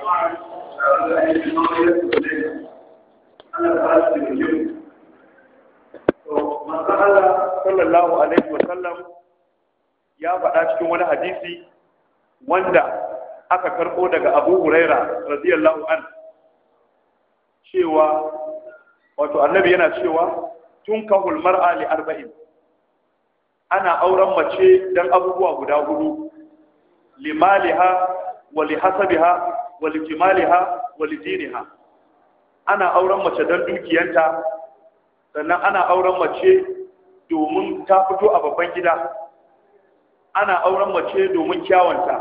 sallallahu alaihi wa sallam ya faɗa cikin wani hadisi wanda aka karɓo daga Abu Huraira radiyallahu an cewa wato annabi yana cewa tun kahul mar'a li arba'in ana auren mace dan abubuwa guda hudu limaliha wa lihasabiha walijimaliha walijiniha ana auren mace don dukiyanta sannan ana auren mace domin ta fito a babban gida ana auren mace domin kyawanta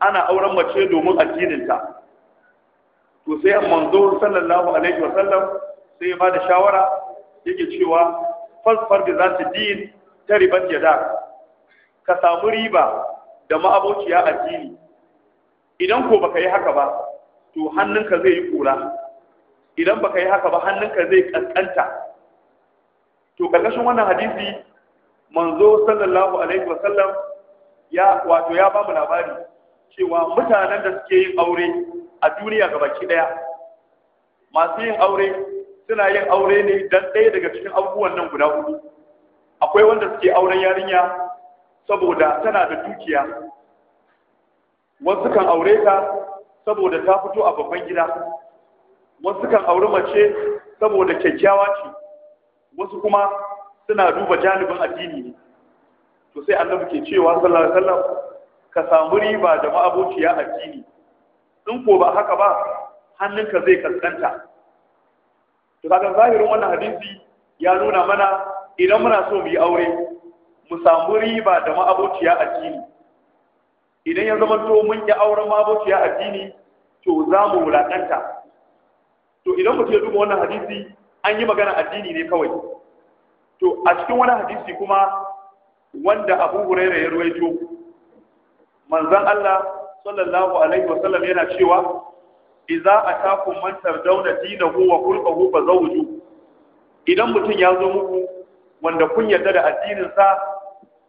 ana auren mace domin addininta to sai manzo sallallahu alaihi wa sai ba da shawara yake cewa fasfar da za ta din ta ribar yada ka samu riba da ma'abociya addini idan ko baka yi haka ba to hannunka zai yi kura idan baka yi haka ba hannunka zai kaskanta to karkashin wannan hadisi manzo sallallahu alaihi wasallam ya wato ya ba mu labari cewa mutanen da suke yin aure a duniya ki daya masu yin aure suna yin aure ne dan ɗaya daga cikin abubuwan nan guda hudu akwai wanda suke auren yarinya saboda tana da dukiya wasu kan aure ka saboda ta fito a babban gida wasu kan auri mace saboda kyakkyawa ce wasu kuma suna duba janibin addini ne to sai annabi ke cewa sallallahu alaihi ka samu riba da ma'abociya addini in ko ba haka ba hannunka zai kaskanta to kaga zahirin wannan hadisi ya nuna mana idan muna so mu yi aure mu samu riba da ma'abociya addini idan ya zama to mun ki auren addini to za mu wulaƙanta to idan mutum ya duba wannan hadisi an yi magana addini ne kawai to a cikin wani hadisi kuma wanda abu huraira ya ruwaito manzon Allah sallallahu alaihi wasallam yana cewa idza atakum man tardawna dinahu wa khulquhu fa zawju idan mutum ya zo muku wanda kun yarda da addinin sa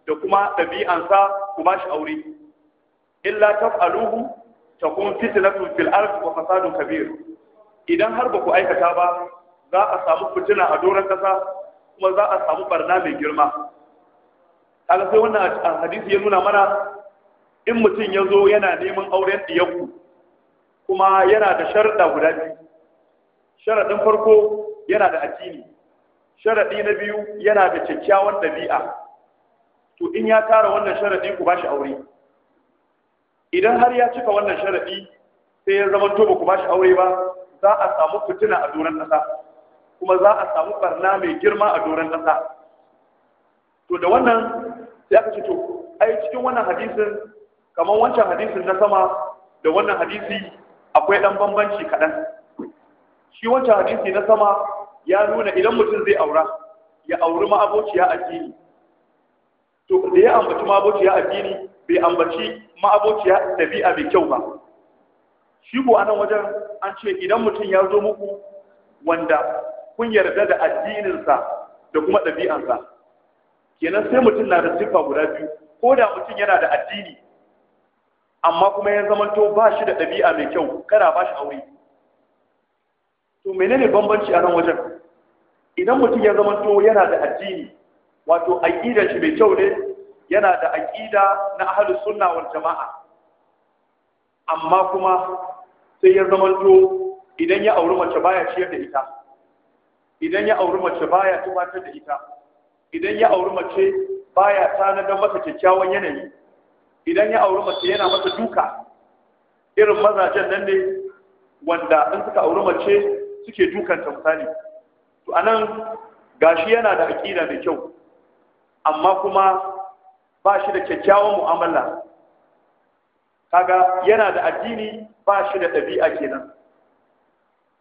da kuma ɗabi'ansa ku ba shi aure illa taf'aluhu takun fitnatu fil ardi wa fasadun kabir idan har ba ku aikata ba za a samu fitina a doron kasa kuma za a samu barna mai girma kaga sai wannan hadisi ya nuna mana in mutum ya zo yana neman auren ɗiyanku kuma yana da sharaɗa guda biyu sharaɗin farko yana da addini sharaɗi na biyu yana da kyakkyawan ɗabi'a to in ya tara wannan sharaɗi ku ba shi aure idan har ya cika wannan sharadi sai ya zama to ba shi aure ba za a samu fitina a doron ƙasa kuma za a samu barna mai girma a doron ƙasa to da wannan sai aka ce to ai cikin wannan hadisin kamar wancan hadisin na sama da wannan hadisi akwai dan bambanci kaɗan shi wancan hadisi na sama ya nuna idan mutum zai aura ya auri ma ma'abociya addini to da ya ambaci ma ma'abociya addini bai ambaci ma'abociya ɗabi'a mai kyau ba shi ko anan wajen an ce idan mutum ya zo muku wanda kun yarda da addininsa da kuma ɗabi'ansa kenan sai mutum na da siffa guda biyu ko da mutum yana da addini amma kuma ya zamanto ba shi da ɗabi'a mai kyau kada ba shi aure to menene bambanci a nan wajen idan mutum ya zamanto yana da addini wato aƙidar shi mai kyau ne yana da aƙida na ahlus sunna wal jama'a amma kuma sai ya zama to idan ya auri mace baya ciyar da ita idan ya auri mace baya tumatar da ita idan ya auri mace baya da mata kyakkyawan yanayi idan ya auri mace yana mata duka irin mazajen nan ne wanda in suka auri mace suke dukanta misali to anan gashi yana da aƙida mai kyau amma kuma ba shi da kyakkyawan mu'amala kaga yana da addini ba shi da ɗabi'a kenan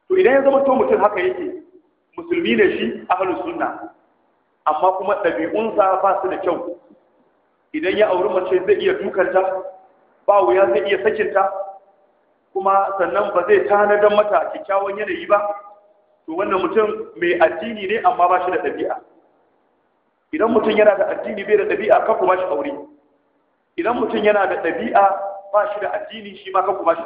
to idan ya zama to mutum haka yake musulmi ne shi ahlu sunna amma kuma ɗabi'unsa ba su da kyau idan ya auri mace zai iya dukanta ba wuya zai iya sakinta kuma sannan ba zai tanadar mata kyakkyawan yanayi ba to wannan mutum mai addini ne amma ba shi da ɗabi'a idan mutum yana da addini bai da ɗabi'a ka kuma shi aure idan mutum yana da ɗabi'a ba shi da addini shi ma ka kuma shi